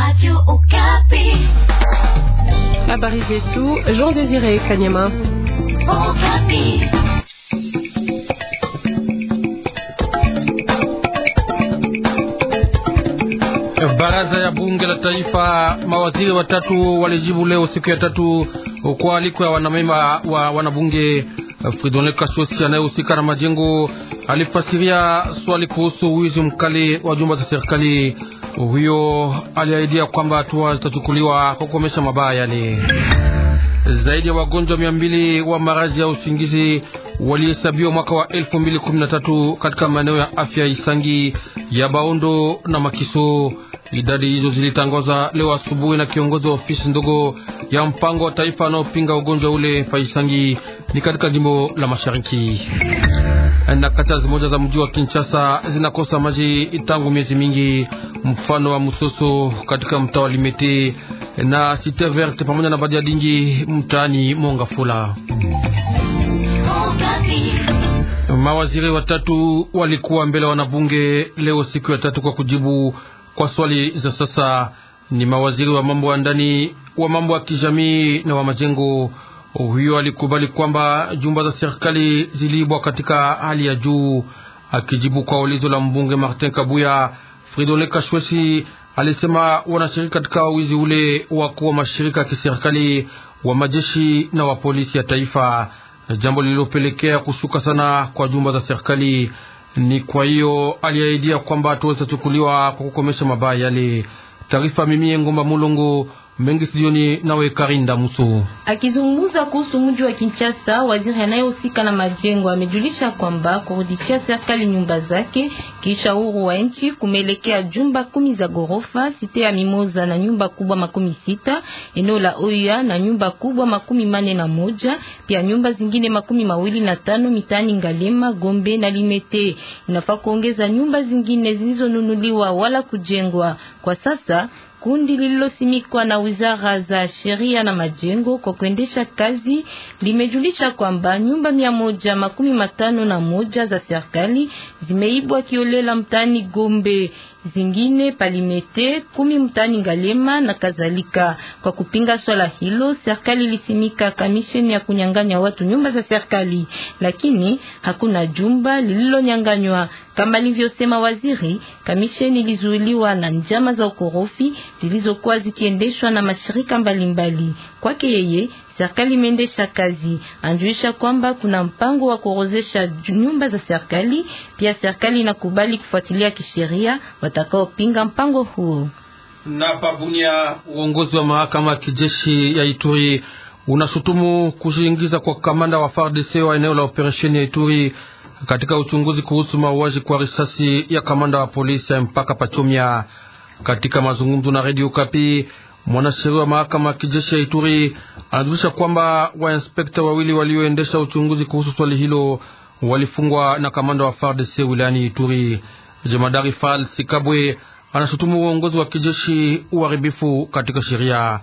Radio Okapi. Habari zetu Jean Désiré Kanyama. Okapi. Baraza ya bunge la taifa, mawaziri watatu walijibu leo siku ya tatu kwa aliko ya wanamema wa wanabunge. Fridolin Kasosi anayehusika na majengo alifasiria swali kuhusu wizi mkali wa jumba za serikali. Huyo aliahidia kwamba hatua zitachukuliwa kukomesha mabaya yale. Zaidi ya wagonjwa mia mbili wa maradhi ya usingizi walihesabiwa mwaka wa tatu katika maeneo ya afya Isangi ya Baondo na Makiso. Idadi hizo zilitangaza leo asubuhi na kiongozi wa ofisi ndogo ya mpango wa taifa anaopinga ugonjwa ule pa Isangi ni katika jimbo la mashariki. Na kata zimoja za mji wa Kinshasa zinakosa maji tangu miezi mingi, mfano wa Musoso katika mtaa wa Limete na Cite Verte pamoja na Badia Dingi mtaani Mongafula. Mawaziri watatu walikuwa mbele wanabunge leo siku ya tatu kwa kujibu kwa swali za sasa. Ni mawaziri wa mambo ya ndani, wa mambo ya kijamii na wa majengo. Huyo alikubali kwamba jumba za serikali ziliibwa katika hali ya juu. Akijibu kwa ulizo la mbunge Martin Kabuya, Fridolin Kashwesi alisema wanashiriki katika wizi ule wakuu wa mashirika ya kiserikali wa majeshi na wa polisi ya taifa, jambo lililopelekea kushuka sana kwa jumba za serikali. Ni kwa hiyo aliahidia kwamba hatua zitachukuliwa kwa kukomesha mabaya yale. Taarifa mimi Ngomba Mulungu mengi sioni nawe Karinda Muso akizungumza kuhusu mji wa Kinshasa. Waziri anayehusika na majengo amejulisha kwamba kurudishia serikali nyumba zake kisha uhuru wa nchi kumelekea jumba kumi za gorofa, site ya Mimoza na nyumba kubwa makumi sita, eneo la Oya na nyumba kubwa makumi mane na moja, pia nyumba zingine makumi mawili na tano mitani Ngalema, Gombe na Limete. Inafaa kuongeza nyumba zingine zilizonunuliwa wala kujengwa kwa sasa kundi lililosimikwa na wizara za sheria na majengo kwa kuendesha kazi limejulisha kwamba nyumba mia moja makumi matano na moja za serikali zimeibwa kiolela mtaani Gombe zingine Palimete kumi mtani Ngalema na kadhalika. Kwa kupinga swala hilo, serikali ilisimika kamisheni ya kunyang'anya watu nyumba za serikali, lakini hakuna jumba lililonyang'anywa. Kama alivyosema waziri, kamisheni ilizuiliwa na njama za ukorofi zilizokuwa zikiendeshwa na mashirika mbalimbali mbali. Kwake yeye serikali imeendesha kazi, anjuisha kwamba kuna mpango wa kuorozesha nyumba za serikali. Pia serikali inakubali kufuatilia kisheria watakaopinga mpango huo. Na pabunia, uongozi wa mahakama ya kijeshi ya Ituri unashutumu kujiingiza kwa kamanda wa FARDC wa eneo la operesheni ya Ituri katika uchunguzi kuhusu mauaji kwa risasi ya kamanda wa polisi ya mpaka Pachomya. Katika mazungumzo na Radio Kapi, Mwanasheria wa mahakama ya kijeshi ya Ituri anajulisha kwamba wainspekta wawili walioendesha uchunguzi kuhusu swali hilo walifungwa na kamanda wa FARDC wilayani Ituri. Jemadari Fal Sikabwe anashutumu uongozi wa kijeshi uharibifu katika sheria.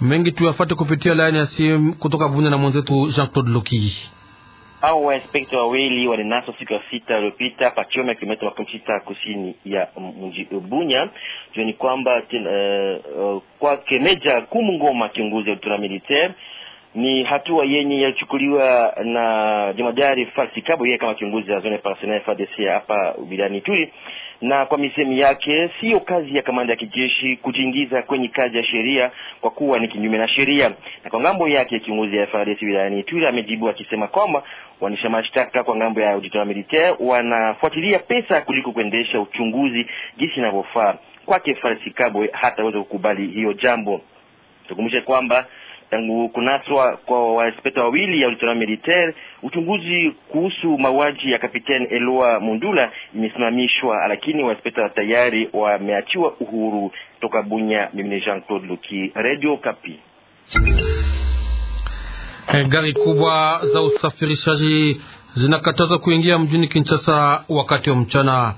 Mengi tuyafate kupitia laini ya simu kutoka bunya na mwenzetu Jean Claude Loki au wainspekta wawili walinaswa siku ya sita iliyopita Pachome, kilomita makumi sita kusini ya mji Bunya. ni kwamba uh, kwake Meja Kumngoma, kiongozi ya utawala militaire ni hatua yenye yalichukuliwa na jemadari Falsi Kabo, yeye kama kiongozi wa zone partenaire FARDC hapa wilayani Turi na kwa misemi yake, siyo kazi ya kamanda ya kijeshi kujiingiza kwenye kazi ya sheria kwa kuwa ni kinyume na sheria. Na kwa ngambo yake, kiongozi ya FARDC wilayani Ituri amejibu akisema kwamba waendesha mashtaka kwa ngambo ya auditora militaire wanafuatilia pesa kuliko kuendesha uchunguzi jinsi inavyofaa. Kwake Farisi Kabwe hataweza kukubali hiyo jambo. Tukumbushe kwamba tangu kunaswa kwa wainspekta wawili ya Lieutenant Militaire, uchunguzi kuhusu mauaji ya kapiteni Eloa Mundula imesimamishwa, lakini wainspekta tayari wameachiwa uhuru. Toka Bunya, mimi Jean Claude Luki, Radio Kapi. Eh, gari kubwa za usafirishaji zinakatazwa kuingia mjini Kinshasa wakati wa mchana.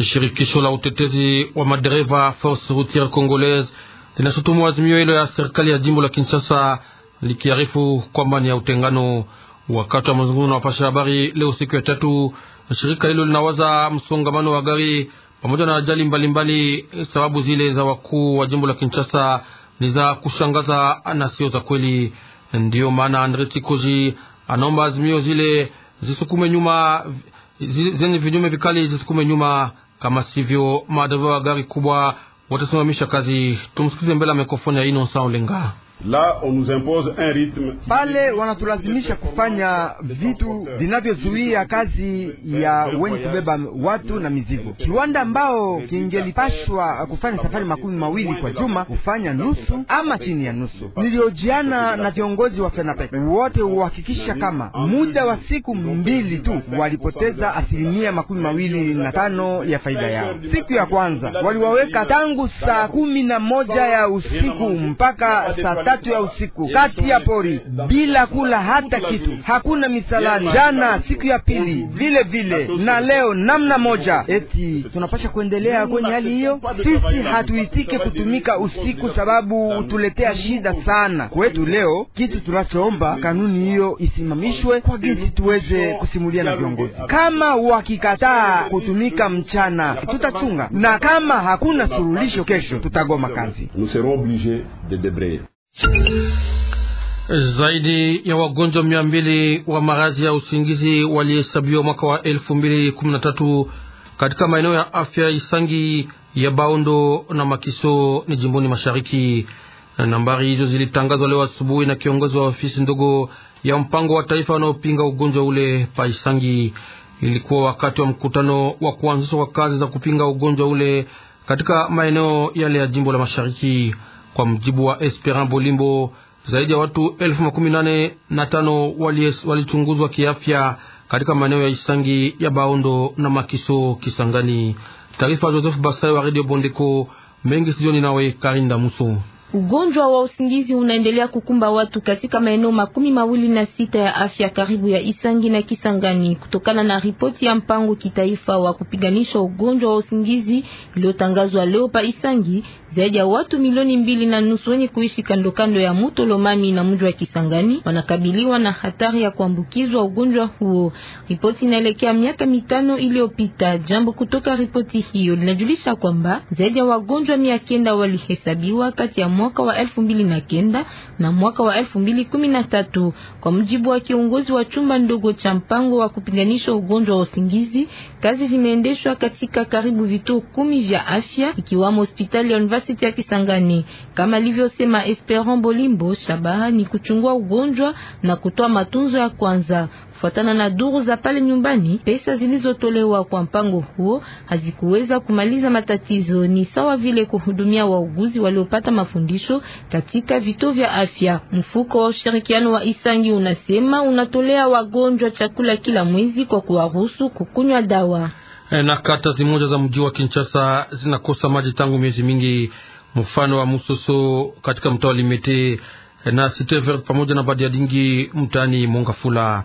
Shirikisho la utetezi wa madereva Force Routière Congolaise linashutumu azimio hilo ya serikali ya jimbo la Kinshasa likiarifu kwamba ni ya utengano. Wakati wa mazungumzo na wapasha habari leo siku ya tatu, shirika hilo linawaza msongamano wa gari pamoja na ajali mbalimbali. Sababu zile za wakuu wa jimbo la Kinshasa ni za kushangaza na sio za kweli. Ndiyo maana Andre Tikoji anaomba azimio zile zisukume nyuma, zenye vinyume vikali zisukume nyuma, kama sivyo madereva wa gari kubwa watasimamisha kazi. Tumsikize mbele amekofanya Inosa Olenga. La, on nous impose un rythme. Pale wanatulazimisha kufanya vitu vinavyozuia kazi ya wenye kubeba watu na mizigo. Kiwanda ambao kingelipashwa kufanya safari makumi mawili kwa juma kufanya nusu ama chini ya nusu. Niliojiana na viongozi wa FENAPEC wote huhakikisha kama muda wa siku mbili tu walipoteza asilimia makumi mawili na tano ya faida yao. Siku ya kwanza waliwaweka tangu saa kumi na moja ya usiku mpaka saa tatu ya usiku kati ya pori bila kula hata kitu, hakuna misalani. Jana siku ya pili mm. vile vile na leo namna moja. Eti tunapasha kuendelea kwenye hali hiyo? Sisi hatuitike kutumika usiku, sababu utuletea shida sana kwetu. Leo kitu tunachoomba kanuni hiyo isimamishwe kwa jinsi tuweze kusimulia na viongozi. Kama wakikataa kutumika mchana, tutachunga na kama hakuna suluhisho, kesho tutagoma kazi. Zaidi ya wagonjwa mia mbili wa maradhi ya usingizi walihesabiwa mwaka wa elfu mbili kumi na tatu katika maeneo ya afya Isangi ya Baondo na Makiso ni jimboni mashariki. Nambari hizo zilitangazwa leo asubuhi na kiongozi wa ofisi ndogo ya mpango wa taifa wanaopinga ugonjwa ule pa Isangi. Ilikuwa wakati wa mkutano wa kuanzishwa kwa kazi za kupinga ugonjwa ule katika maeneo yale ya jimbo la mashariki. Kwa mjibu wa Esperan Bolimbo, zaidi ya watu elfu makumi nane na tano walichunguzwa wali kiafya katika maeneo ya Isangi ya Baondo na Makiso Kisangani. Taarifa Joseph Basai wa Radio Bondeko mengi sijoni nawe Karinda Muso. Ugonjwa wa usingizi unaendelea kukumba watu katika maeneo makumi mawili na sita ya afya karibu ya Isangi na Kisangani kutokana na ripoti ya mpango kitaifa wa kupiganisha ugonjwa wa usingizi iliyotangazwa leo pa Isangi. Zaidi ya watu milioni mbili na nusu wenye kuishi kando kando ya mto Lomami na mji wa Kisangani wanakabiliwa na hatari ya kuambukizwa ugonjwa huo. Ripoti inaelekea miaka mitano iliyopita. Jambo kutoka ripoti hiyo linajulisha kwamba zaidi ya wagonjwa mia kenda walihesabiwa kati ya mwaka wa elfu mbili na kenda na mwaka wa elfu mbili kumi na tatu kwa mjibu wa kiongozi wa chumba ndogo cha mpango wa kupinganisha ugonjwa wa usingizi. Kazi zimeendeshwa katika karibu vituo kumi vya afya ikiwamo hospitali ya University ya Kisangani, kama alivyosema Esperant Bolimbo. Shabaha ni kuchungua ugonjwa na kutoa matunzo ya kwanza. Kufuatana na duru za pale nyumbani, pesa zilizotolewa kwa mpango huo hazikuweza kumaliza matatizo, ni sawa vile kuhudumia wauguzi waliopata mafundisho katika vituo vya afya. Mfuko wa ushirikiano wa Isangi unasema unatolea wagonjwa chakula kila mwezi kwa kuwaruhusu kukunywa dawa. Eh, na kata zimoja za mji wa Kinshasa zinakosa maji tangu miezi mingi, mfano wa Musoso katika mtaa wa Limete eh, na Sitever pamoja na Badiadingi mtaani Mongafula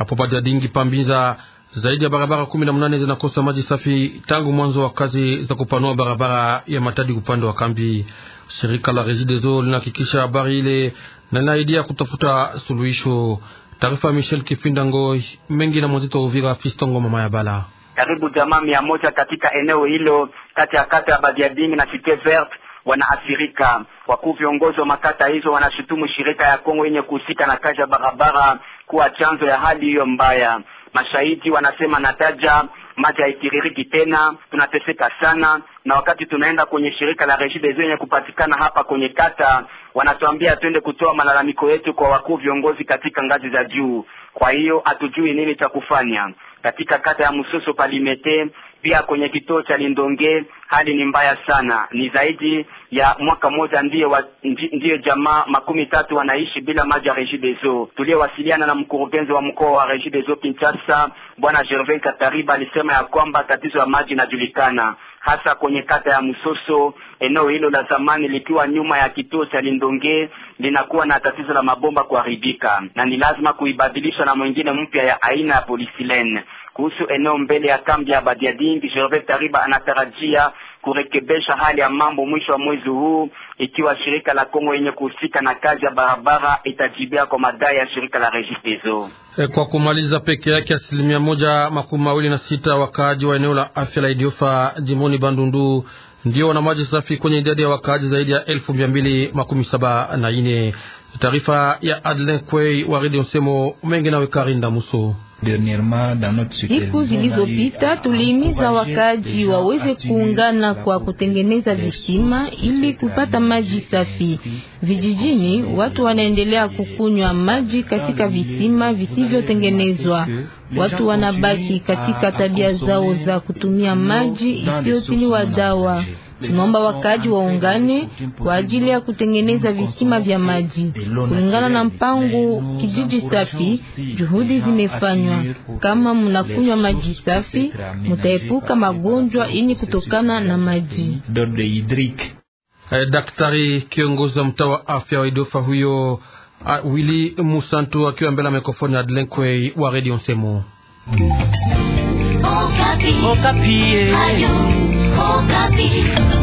hapo Padia Dingi Pambiza. Zaidi ya barabara kumi na mnane zinakosa maji safi tangu mwanzo wa kazi za kupanua barabara ya Matadi upande wa kambi. Shirika la Regideso linahakikisha habari ile na linaidia kutafuta suluhisho. Taarifa ya Michel Kifinda Ngoi mengi na mwenzito wa Uvira, Fistongo mama ya Bala. Karibu jamaa mia moja katika eneo hilo kati ya kata ya Badiadingi na Cite Verte wanaathirika. Wakuu viongozi wa makata hizo wanashutumu shirika ya Kongo yenye kuhusika na kazi ya barabara kuwa chanzo ya hali hiyo mbaya. Mashahidi wanasema nataja maji haitiririki tena, tunateseka sana. Na wakati tunaenda kwenye shirika la Regideso yenye kupatikana hapa kwenye kata, wanatuambia twende kutoa malalamiko yetu kwa wakuu viongozi katika ngazi za juu. Kwa hiyo hatujui nini cha kufanya katika kata ya Musoso Palimete pia kwenye kituo cha Lindonge hali ni mbaya sana, ni zaidi ya mwaka mmoja ndiyo, ndiyo jamaa makumi tatu wanaishi bila maji ya Regideso. Tuliyowasiliana na mkurugenzi wa mkoa wa Regideso Kinshasa, bwana gervain Katariba alisema ya kwamba tatizo ya maji inajulikana hasa kwenye kata ya Msoso. Eneo hilo la zamani likiwa nyuma ya kituo cha Lindonge linakuwa na tatizo la mabomba kuharibika na ni lazima kuibadilisha na mwingine mpya ya aina ya polisilene kuhusu eneo mbele ya kambi ya Badiadingi. Gervais Tariba anatarajia kurekebesha hali ya mambo mwisho wa mwezi huu, ikiwa shirika la Kongo yenye kuhusika na kazi ya barabara itajibia kwa madai ya shirika la Regideso. Eh, kwa kumaliza peke yake, asilimia moja makumi mawili na sita wakaaji wa eneo la afya la Idiofa jimboni Bandundu ndio wana maji safi kwenye idadi ya wakaaji zaidi ya elfu mia mbili makumi saba na ine. Taarifa ya Adlen Kwei wa redio Nsemo mengi nawe Karinda Muso. Siku zilizopita tulihimiza wakaji waweze kuungana kwa kutengeneza visima ili kupata maji safi. Vijijini watu wanaendelea kukunywa maji katika visima visivyotengenezwa. Watu wanabaki katika tabia zao za kutumia maji isiyotiliwa dawa. Tunaomba wakaji waungane kwa ajili ya kutengeneza visima vya maji kulingana na mpango kijiji safi. Juhudi zimefanywa. Kama mnakunywa maji safi, mtaepuka magonjwa yenye kutokana na maji. Eh, daktari kiongozi wa mtaa wa afya wa Idofa huyo ah, wili Musantu akiwa mbele ya mikrofoni ya Adlenkwey wa Redio Nsemo. Eh. Okapi.